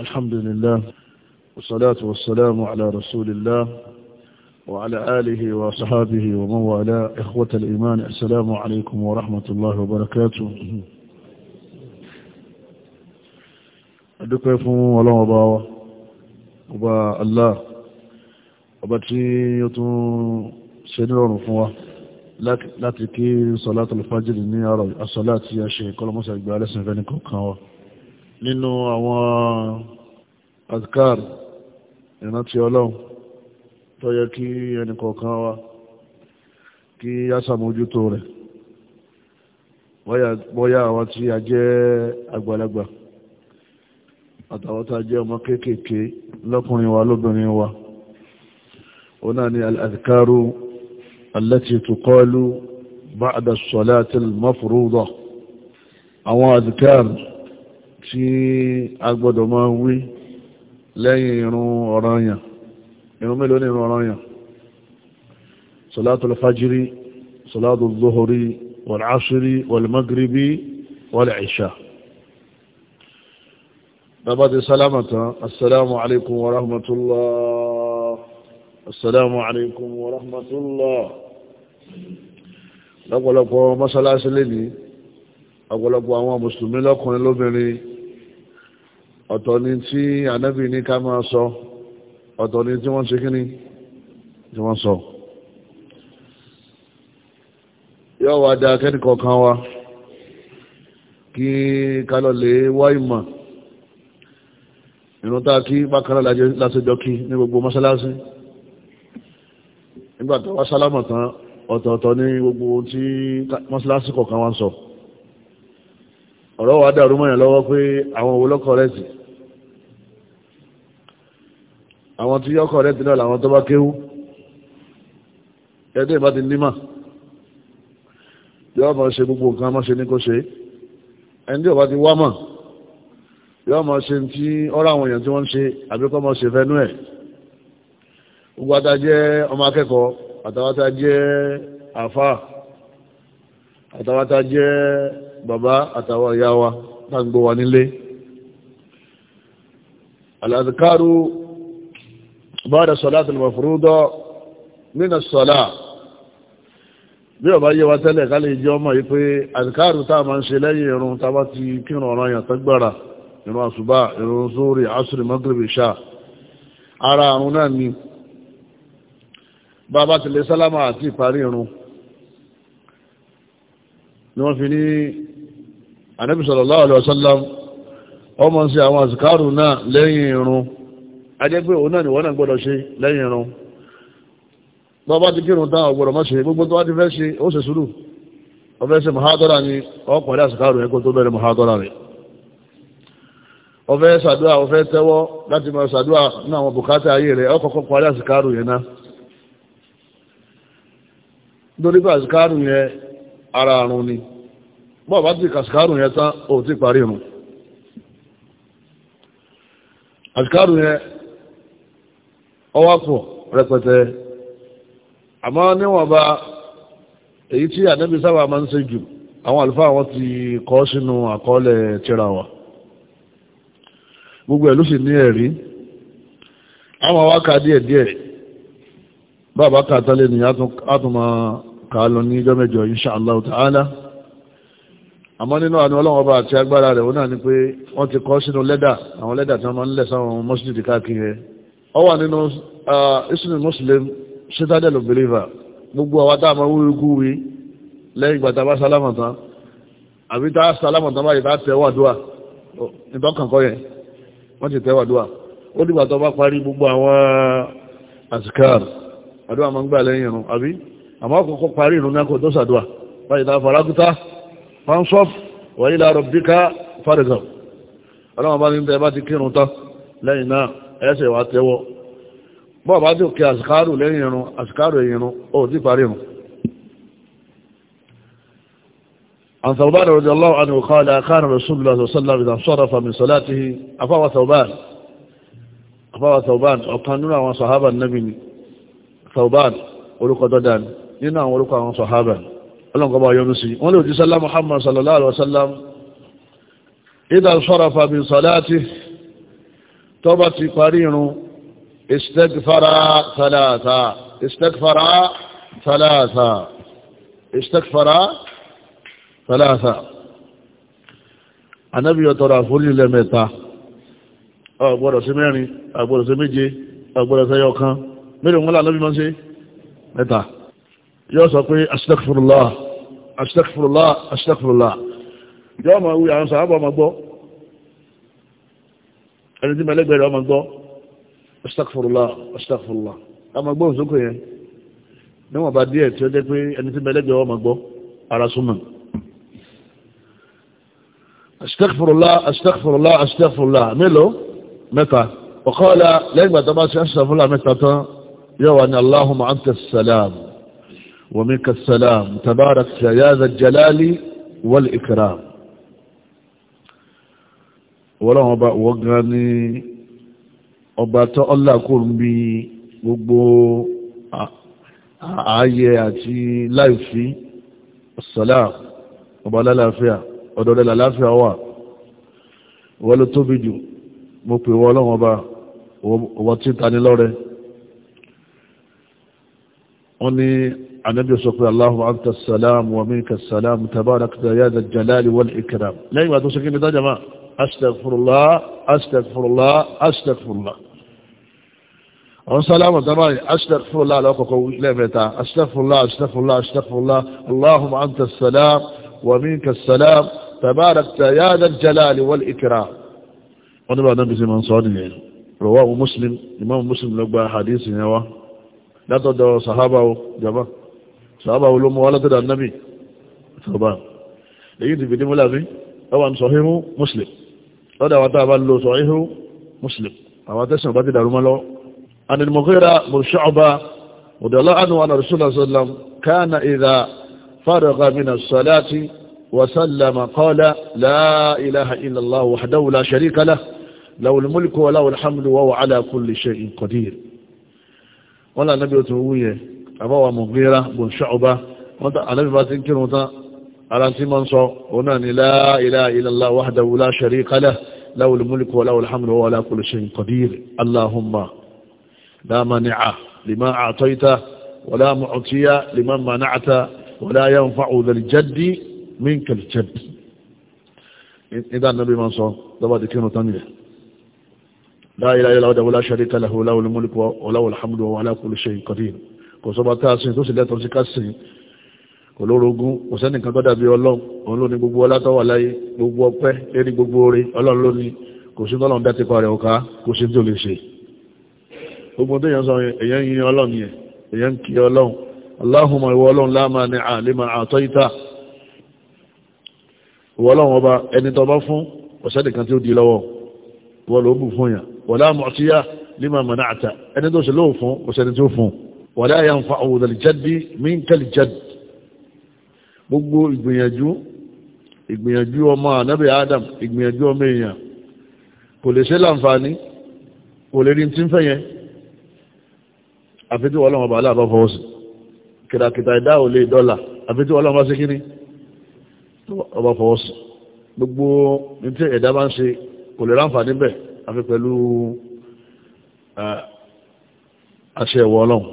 الحمد لله والصلاة والسلام على رسول الله وعلى آله وصحابه ومن والاه إخوة الإيمان السلام عليكم ورحمة الله وبركاته أدوكي فهم ولا مباوة وبا الله وباتي يتون سنرون فمو láti kí sọlátọ̀lù fájìlì ní àrọ̀ àsọlá tí a ṣe kọlọmọ́sà ìgbà alẹ́sìn fẹ́ ní kọ̀ọ̀kan wa nínú àwọn azkar ìrántí ọlọ́run tó yẹ kí ẹnìkọ̀ọ̀kan wa kí á sàmójútó rẹ̀ bóyá àwọn tí a jẹ́ àgbàlagbà àtàwọn tí a jẹ́ ọmọ kéékèèké lọ́kùnrin wa lóbìnrin wa òun náà ni al-azkaru allati tuqalu ba'da as-salati àwọn azkar tí a gbọ́dọ̀ máa wí lẹ́yìn irun ọ̀ranyàn irun mélòó ní irun ọ̀ranyàn salatul fajiri salatul zuhuri wal asiri wal magribi wal isha bàbá ti sálámà tán assalamu alaikum wa rahmatullah assalamu alaikum wa rahmatullah lọ́pọ̀lọpọ̀ mọ́sálásí ní ọ̀pọ̀lọpọ̀ àwọn mùsùlùmí lọ́kùnrin lóbìnrin ọ̀tọ̀ ni tí anábì ní ká máa sọ ọ̀tọ̀ ni tí wọ́n ṣe kíní tí wọ́n sọ yọ́ wá dá kẹ́nìkan kan wá kí kálọ̀ lè wá ìmọ̀ ìrun tá kí bákanáà lásìjọ kí ní gbogbo mọ́sálásí nígbà tó wá sálámọ̀ tán ọ̀tọ̀ọ̀tọ̀ ní gbogbo tí mọ́sálásí kọ̀ọ̀kan wá ń sọ ọ̀rọ̀ wa dàrú mọ́yàn lọ́wọ́ pé àwọn òwúlọ́kọ̀ rẹ̀ sí àwọn tí yọ́kọ̀ rẹ̀ ti lọ́la àwọn tó bá kéwú ẹ̀dẹ́ ìbá ti nímà yọ́ ma ṣe gbogbo nǹkan má ṣe ní kó ṣe ẹni ọba ti wá mà yọ́ ma ṣe tí ọ̀rọ̀ àwọn èèyàn tí wọ́n ń ṣe àbíkọ́ ma ṣe fẹ́nu ẹ̀ gbogbo ata jẹ́ ọmọ akẹ́kọ̀ọ́ àtàwátá jẹ́ àfà àtàwátá jẹ́ bàbá àtàwọn ìyá wa tá à ń gbọ́ wa nílé alàdìkárù بعد الصلاة المفروضة من الصلاة bí ọba yẹ wa tẹ́lẹ̀ ká lè jẹ́ ọmọ yìí pé àdìkáàrù tá a máa ń ṣe lẹ́yìn irun tàbá ti kírun ọ̀ràn yàn tágbára irun àṣùbá irun zóòrì asùrì mọ́gírìbì ṣá ara àrùn náà ni bá a bá ti lè sálámà àti ìparí irun ni wọ́n fi ní anábìsọ̀rọ̀ láwàlẹ̀ ọ̀sánlám ọmọ sí àwọn àdìkáàrù náà lẹ́yìn irun ajẹ́ pé òun náà ni wọ́n náà gbọ́dọ̀ ṣe lẹ́yìn irun tó bá ti kírun tán ọgbọdọ má ṣe gbogbo tó bá ti ṣe ó ṣe sùúrù ṣe ni ọkùnrin tó ṣàdúrà láti máa ṣàdúrà ní àwọn bùkátà ayé parí yẹn náà nítorí pé yẹn ara àrùn ni bá ti yẹn tán ọwọ́ pọ̀ rẹpẹtẹ àmọ́ níwọ̀nba èyí tí ànábì sábà máa ń ṣe jù àwọn àlùfáà wọn ti kọ sínú àkọọ́lẹ̀ tírà wa gbogbo ẹ̀ ló sì ní ẹ̀rí àwọn wa ka díẹ̀ díẹ̀ bàbá ka tálẹ̀ ní àtúmọ̀ ká lọ ní ijọ́ mẹ́jọ insha Allah ta'ala àmọ́ nínú àni ọlọ́wọ́ bá àti agbára rẹ̀ wọn náà ni pé wọ́n ti kọ sínú lẹ́dà àwọn lẹ́dà tí wọ́n máa ń lẹ̀ sáwọn mọ́sídìí káàkiri ọ wà nínú uh, islam muslim citadel of believer gbogbo àwọn tá a máa wúwo ikú wí lẹ́yìn ìgbà tá a bá sálámà tán àbí tá a sálámà tán báyìí tá a tẹ̀ wàdúà ìtàn kankan yẹn wọ́n ti tẹ̀ wàdúà ó dìgbà tó bá parí gbogbo àwọn azikar àdúrà máa ń gbà lẹ́yìn irun àbí àmọ́ àkọ́kọ́ parí irun náà kò tó sàdúà báyìí tá a faraguta fansof wà ilà rabbika farigaw ọlọ́run bá ní tẹ́ bá ti kírun tán lẹ́yìn náà ẹsẹ̀ wà tẹ́wọ́ bọ́ọ̀bá tí ó kí àsìkárù lẹ́yìn irun àsìkárù ìrun ó ti parí irun عن ثوبان رضي الله عنه قال كان رسول الله صلى الله عليه وسلم إذا انصرف من tó bá ti parí irun istagfara thalatha istagfara thalatha istagfara thalatha anabi ọ̀tọ̀rọ̀ àforíjì lẹ́mẹ̀ta ọ̀gbọ́dọ̀ sí mẹ́rin ọ̀gbọ́dọ̀ sí méje ọ̀gbọ́dọ̀ sí ẹyọkan mẹ́rin wọn lànà bí wọ́n ṣe mẹ́ta yóò sọ pé astagfirullah astagfirullah astagfirullah yóò máa wí àwọn sàábà máa gbọ́ ẹni tí mẹ́lẹ́gbẹ̀ rẹ̀ ọmọ gbọ́ astaghfirullah astaghfirullah ọmọ gbọ́ òsókò yẹn níwọ̀n bá díẹ̀ tí ó jẹ́ pé ẹni tí mẹ́lẹ́gbẹ̀ ọmọ gbọ́ ara súnmọ̀ astaghfirullah astaghfirullah astaghfirullah mélòó mẹ́ta ọ̀kọ́ọ̀lá lẹ́gbà tó bá ṣe ń mẹ́ta ìwọ́lọ́wọ́n ọba ìwọ́ gan ní ọba tó ọlá kò ń bí gbogbo ààyè àti láìfí sọ́lá ọba lálàáfíà ọ̀dọ̀dẹ̀ lálàáfíà wà ìwọ́ ló tóbi jù mo pè wọ́ ọlọ́wọ́n ọba ọwọ́ tí ta ní lọ́rẹ wọ́n ní anábí sọ pé aláhùn àǹtà sàlámù wàmínkà sàlámù tàbárakà yáda jalali wal ikram lẹ́yìn wà tó ṣe kí ní dájàmáà astagfirullah astagfirullah astagfirullah àwọn sálámà dábàá yìí astagfirullah alákọ̀ọ́kọ́ lẹ́ẹ̀mẹ́ta astagfirullah astagfirullah astagfirullah allahumma anta salam wa minka salam tabarakta ya dal jalali wal ikram wọ́n ní bá dábìí sí máa ń sọ ọ́ nìyẹn rọwọ́ muslim imam muslim ló gba hadith yẹn wá látọ̀dọ̀ sàhábàwò jàmá sàhábàwò ló mọ́ alátọ̀dọ̀ annabi sọ̀bá èyí ti fìdí múlá fi ọwà ń sọ̀hímú muslim lọ́dọ̀ àwọn tàbá lò sọ ihu muslim àwọn tẹ́sàn bá ti dàrú mọ́ lọ anìlmọ̀kẹ́ra mọ̀ṣọ́ọ̀bá mọ̀dọ̀lá anu wa rasulullah sallam kana idha faraga min as-salati wa sallama qala la ilaha illa allah wahdahu la sharika lah lahu al-mulku wa lahu al-hamdu wa huwa ala kulli shay'in qadir wala nabi ara tí ma ń sọ òun náà ni la ilaha illallah wahdahu la sharika lahu lahul mulku wa lahul hamdu wa ala kulli shay'in qadir allahumma la mani'a lima a'tayta wa la mu'tiya liman mana'ta wa la yanfa'u dhal jaddi minka al kò lórogún kò sẹ́nìkan tó dàbí ọlọ́run òun ló ní gbogbo ọlá tó wà láyé gbogbo ọpẹ́ lérí gbogbo oore ọlọ́run ló ní kò sí tọ́lọ́run dá tipa rẹ̀ ọ̀ká kò sí tó lè ṣe gbogbo tó yẹn sọ èyàn yin ọlọ́run yẹn èyàn kí ọlọ́run aláhùnmọ̀ ìwọ ọlọ́run láàmà ní àlèmà àtọ́ ìta ìwọ ọlọ́run ọba ẹni tó bá fún kò sẹ́nìkan tí ó di lọ́wọ́ ìwọ ló bù fún yàn wọlá mọ̀tíyà lima mana'ata ẹni tó ṣe lóòfún kò tó fún wọlá yà ń fa òwúdàlìjẹ́dì mí ń kẹ́lìjẹ́dì gbogbo ìgbìyànjú ìgbìyànjú ọmọ ànábì Adam ìgbìyànjú ọmọ èèyàn kò lè ṣe láǹfààní kò lè rí tí ń fẹ́ yẹn àfití ọlọ́run ọba aláàbá fọwọ́ sí kìtàkìtà ìdá ò lè dọ́là àfití ọlọ́run bá sí kíní ọba fọwọ́ sí gbogbo ní ẹ̀dá bá ń ṣe kò lè ráǹfààní bẹ̀ àfi pẹ̀lú àṣẹ ìwọ ọlọ́run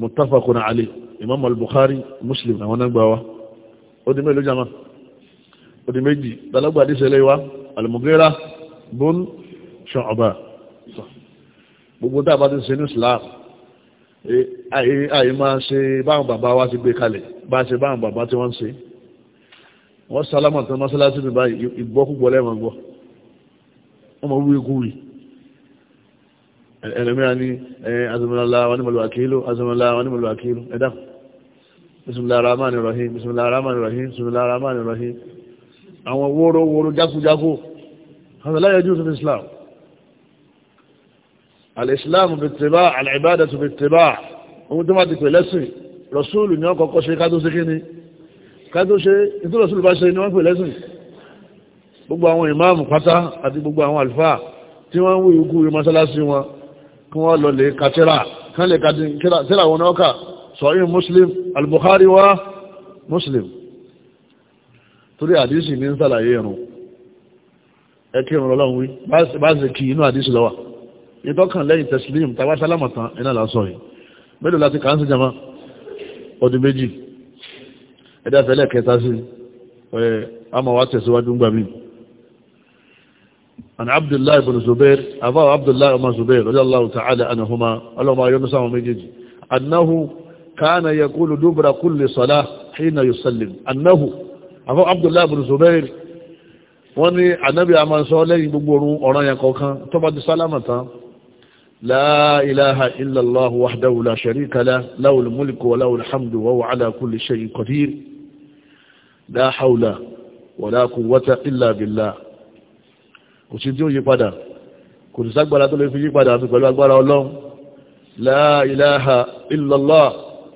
muttafaqun alayh Imam al-Bukhari Muslim àwọn náà gbà wá Odi di mélòó jama ó di méjì dalagbà àdíṣẹ́ wa al-Mughira bun Shu'ba gbogbo tá a bá ti ṣe ní Islam àyè e, e, e máa ṣe báwọn bàbá wa ti gbé kalẹ̀ bá ṣe báwọn bàbá tí wọ́n ń ṣe wọ́n sálámà tán mọ́sálásí mi báyìí ìgbọ́ púpọ̀ lẹ́wọ̀n gbọ́ wọ́n mọ̀ wí ikú wì ẹ̀rẹ̀mẹ́ra ní azọmọlá wa ní mọ̀lúwà kìí ló azọmọlá wa ní mọ̀lúwà ẹ̀dá bismillahirrahmanirrahim bismillahirrahmanirrahim bismillahirrahmanirrahim àwọn wóró wóró jákújákú هذا لا يجوز في الإسلام الإسلام باتباع العبادة باتباع ومتى ما تقول لسي رسول ni ọkọ̀ ṣe ká tó ṣe kí ni ká tó ṣe ìtú rọ̀sùl bá ṣe ni wọ́n pè lẹ́sìn gbogbo àwọn ìmáàmù pátá àti gbogbo àwọn àlfà tí wọ́n ń wú ikú rí mọ́sálásí wọn kí wọ́n lọ lè kàtírà kán lè kàtírà wọn náà sọ̀yìn muslim al-bukhari wa muslim torí àdísì ní sàlàyé ẹ̀rùn ẹkẹ́ ìrùn ọlọ́run wí bá ṣe kí inú àdísì lọ́wà ìtọ́kàn lẹ́yìn tẹ̀sílìm tàbá sálámọ̀tán iná lásọ yìí mélòó láti kà ń sí jama ọdún méjì ẹ̀dá fẹ́lẹ̀ kẹta sí ẹ̀ àmọ̀wá tẹ̀síwájú gbà mí عن عبد الله بن زبير أبا عبد الله بن زبير رضي الله تعالى عنهما اللهم يونس عن مجد أنه كان يقول دبر كل صلاة حين يسلم أنه أبو عبد الله بن زبير wọ́n ní ànábì a máa sọ lẹ́yìn gbogbo orun ọ̀ràn yẹn kọ̀ọ̀kan tó bá di sálámà tán la ilaha illallah wahdahu la sharika lah lahul mulku wa lahul hamdu wa huwa ala kulli shay'in qadir la hawla wa la quwwata illa billah kò sí tí ó yí padà kò sí ságbára tó lè fi yí padà àti pẹ̀lú agbára ọlọ́run la ilaha illallah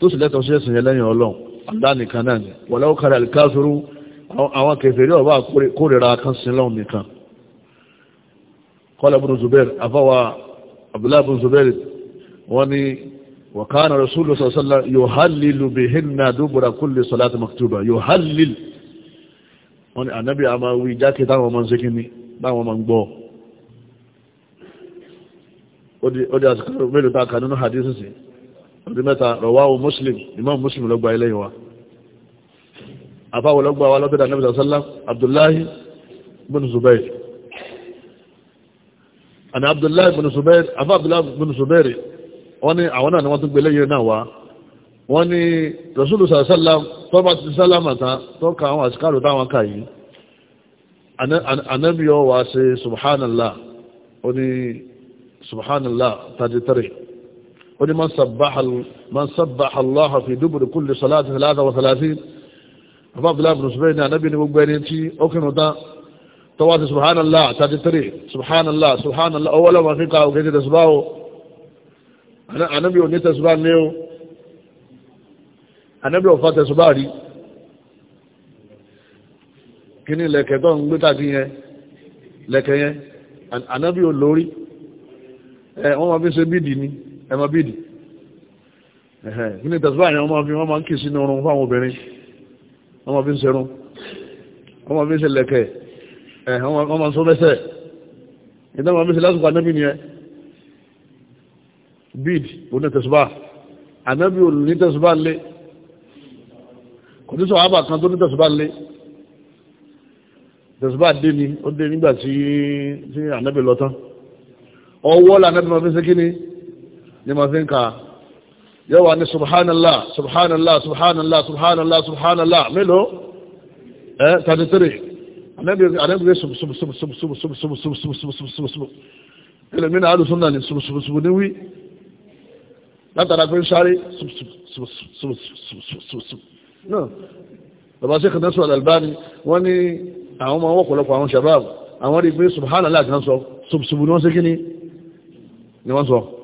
tó sì lẹ́tọ̀ọ́ sí ẹ̀sìn yẹn lẹ́yìn ọlọ́run alánìkan náà ni wọ̀lá ó kárí àlìkáfẹ́rú àwọn kèfèrí ọba kórìíra kan sí lọ́hùn nìkan kọ́lá ibn Zubair àfọwà Abdullahi ibn Zubair wọ́n ní wàkánà rasúlù sọ̀sọ́lá yóhálìlù bí hinna dúbùrà kúlì sọ̀láti maktuba yóhálìlù wọ́n ní ànábì àmà wí jákè táwọn ọmọ ń ṣe ó di àsìkò mélòó tá a kà sí àbí mẹ́ta rọ̀wáwò muslim imam muslim lọ́gbà ilẹ́yìn wa àbáwò lọ́gbà wa lọ́gbẹ̀dà nabi sallam abdullahi bin zubair àni abdullahi bin zubair àbá abdullahi bin zubair wọ́n ní àwọn náà ni wọ́n tún gbé lẹ́yìn náà wá wọ́n ní rasulu sallam tó ti sálàmà tán tó àwọn àsìkárò táwọn kà yìí anábìyọ wa ṣe subhanallah ó ní subhanallah 33 ó ní man sabbaha Allaha fi duburi kulli salati thalatha wa thalathin àbá abdullahi bin subayi ní anábì ní gbogbo ẹni tí ó kìnnù tán tọwọ́ ti subhanallah thirty three subhanallah subhanallah ọwọ́ lọ́wọ́ fi ka òkè ti tẹ̀síbáwò anábì ò ní tẹ̀síbá ní o anábì ò fa tẹ̀síbá rí kí ni lẹ̀kẹ̀ tó ń gbé tàbí yẹn lẹ̀kẹ̀ yẹn anábì ò lórí ẹ̀ wọ́n máa fi ṣe bídìí ni ẹmọ bíìdì nínú ìtẹ̀síwá yẹn wọ́n fi wọ́n máa ń kì sínú oorun fáwọn obìnrin wọ́n máa fi ń serun wọ́n máa fi ń ṣe lẹ̀kẹ̀ wọ́n máa ń sún lẹ́sẹ̀ ìdá wọn fi ń ṣe lásìkò anábì nìyẹn bíìdì oní ìtẹ̀síwá anábì ò ní ìtẹ̀síwá lé kò ní sọ àbà kan tó ní ìtẹ̀síwá lé ìtẹ̀síwá dé ni ó dé nígbà tí anábì lọ tán ọwọ́ lànàbì ní ma fi ń ka yóò wà ní subhanallah subhanallah subhanallah subhanallah subhanallah mélòó ẹ thirty three anábìrì sub sub sub sub sub sub sub sub sub sub sub sub sub ẹlẹ́mí náà alùsùn náà ní sub sub sub ní wí látara pé ń sáré sub sub sub sub sub sub sub náà bàbá sí kìnnà sọ̀rọ̀ albani wọ́n ní àwọn ọmọ ọ̀pọ̀lọpọ̀ àwọn shabab àwọn rí pé subhanallah kan sọ sub sub ní wọ́n sí kí ni wọ́n sọ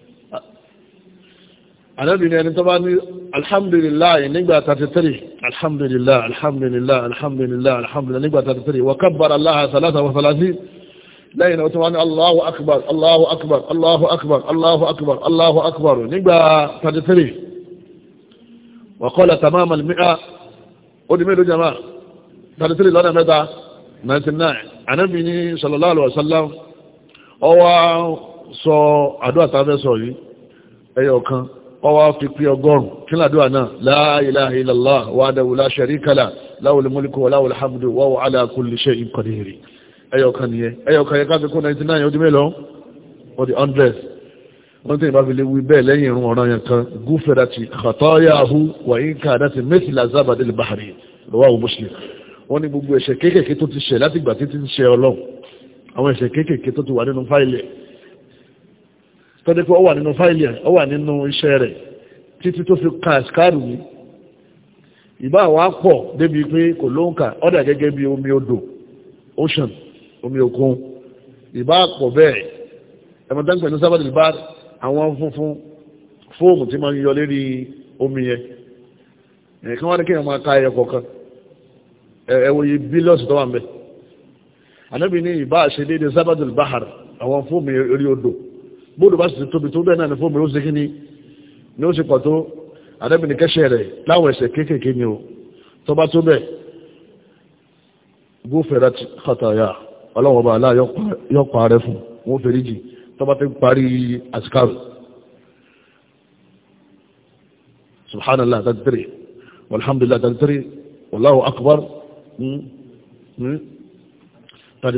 àdẹ́bìnrin ẹni tó bá ní alhamdulillah nígbà 33 alhamdulillah alhamdulillah alhamdulillah alhamdulillah nígbà 33 wa kabbara Allah salata wa salasi lẹ́yìn náà tó wá ní Allahu akbar Allahu akbar Allahu akbar Allahu akbar Allahu akbar nígbà 33 wa qala tamam al-mi'a ó di mélòó jama 33 lọ́nà mẹ́ta 99 àdẹ́bìnrin sallallahu alaihi wasallam ọwá sọ àdúrà tàbẹ́ sọ yìí ẹyọ kan ọwá fi pí ọgọ́rùn kí ládùá náà la ilaha illallah wahdahu la sharika lahu lahul mulku wa lahul hamdu wa huwa ala kulli shay'in qadir 99 ọdún mélòó for the 100 wọ́n tí ìbá fi lè wí bẹ́ẹ̀ lẹ́yìn irun ọ̀ràn yẹn kan gufirati khatayahu wa in kanat mithla zabadil bahri rawahu muslim wọ́n ní gbogbo ẹ̀ṣẹ̀ kéékèèké tó ti ṣẹ̀ tọ́dé pé ó wà nínú fáìlì ẹ̀ ó wà nínú iṣẹ́ rẹ̀ títí tó fi ka àṣkáàrù yìí ìbá wa pọ̀ débi pé kò ló ń kà ọ́dà gẹ́gẹ́ bí omi odò ocean omi òkun ìbá pọ̀ bẹ́ẹ̀ ẹ̀mọ̀tá ń pẹ̀lú sábàdì bá àwọn funfun fóòmù tí máa ń yọ lérí omi yẹn ẹ̀kan wá ní kí ẹ̀ máa ka ẹ̀yọ kọ̀ọ̀kan ẹ̀wòye bílíọ̀sì tó wà ń bẹ̀ ànábì ní ìbá àṣẹ déédéé sábàdì báhàr àwọn fóòmù orí odò bóòlù bá sì tóbi tó bẹ́ẹ̀ náà ní fóònù ó ṣe kí ni ni ó ṣe pọ̀ tó àdẹ́bìnrin kẹ́ṣẹ́ rẹ̀ láwọn ẹ̀ṣẹ̀ kéékèèké ni o tó bá tó bẹ́ẹ̀ gófẹ́ra kàtàyà ọlọ́wọ́n bá aláà yọ pa rẹ fún wọn fèrè jì tó bá ti parí àsìkárù subhanallah tàbí walhamdulillah tàbí wallahu akbar hmm? hmm? tàbí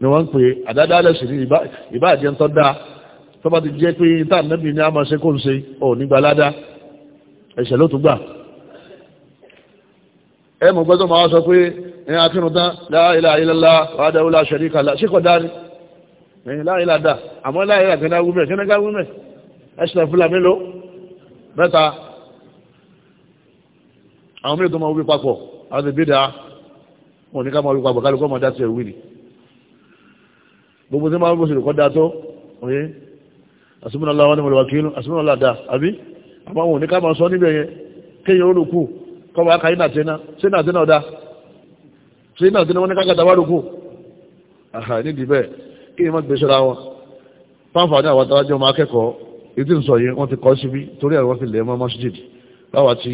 ni wọ́n ń pè àdádálẹ̀ sí ní ìbá àjẹ́ tó dáa tó bá ti jẹ́ pé ìta nẹ́bì ní a máa ṣe kó ń ṣe ò nígbà ládá ẹ̀ṣẹ̀ ló tún gbà ẹ mọ̀ gbọ́dọ̀ máa sọ pé ẹ̀yìn akínú tán láìlà ilẹ̀lá wàdáwùlá ṣẹ̀ríkà síkọ̀ dárí ẹ̀yìn láìlà dá àmọ́ láìlà gẹ́gẹ́ wúmẹ̀ gẹ́gẹ́ wúmẹ̀ ẹ̀ṣẹ̀ fúlà mélòó mẹ́ta àwọn mí gbogbo tí máa ń gbòsìlè kọ́ da tó oye àsìmúnàlá wọn ni mo lè wà kílù àsìmúnàlá da àbí àmọ́ òun ní ká máa sọ níbẹ̀ yẹn kéèyàn olùkù kọ́wọ́ aka yìí nàtẹ́ná sí nàtẹ́ná ọ̀dá sí nàtẹ́ná wọn ní kákàtà wà lókù àhà nídìí bẹ́ẹ̀ kí ni wọ́n gbé ṣọ́ra wọn fáfàdé àwọn tàwájọ́ ọmọ akẹ́kọ̀ọ́ ìdí ń sọ yìí wọ́n ti kọ́ síbí torí àwọn fi lẹ̀ mọ́ masjid báwa tí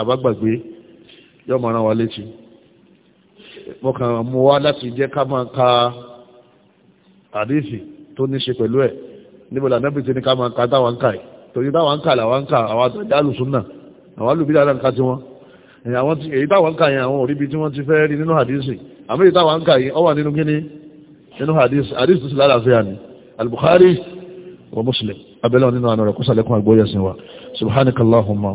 àbágbàgbé yọ́ mọ́ ara wa létí wọ́n kàn mú wá láti jẹ́ ká máa ka àdísì tó ní ṣe pẹ̀lú ẹ̀ níbo la nẹ́bí ti ní ká máa ka táwọn ká yìí torí táwọn ká làwọn ká àwọn àtàjà àlùsùnà àwọn àlùbí dáadáa ká tiwọn èyí táwọn ká yẹn àwọn òríbi tí wọ́n ti fẹ́ rí nínú àdísì àmì èyí táwọn ká yìí ọ wà nínú kíní nínú àdísì àdísì sì lálàáfíà ni al-Bukhari wa Muslim abẹ́lẹ́ nínú àná rẹ̀ kó sàlẹ̀kùn àgbóyè sin wa subhanakallahumma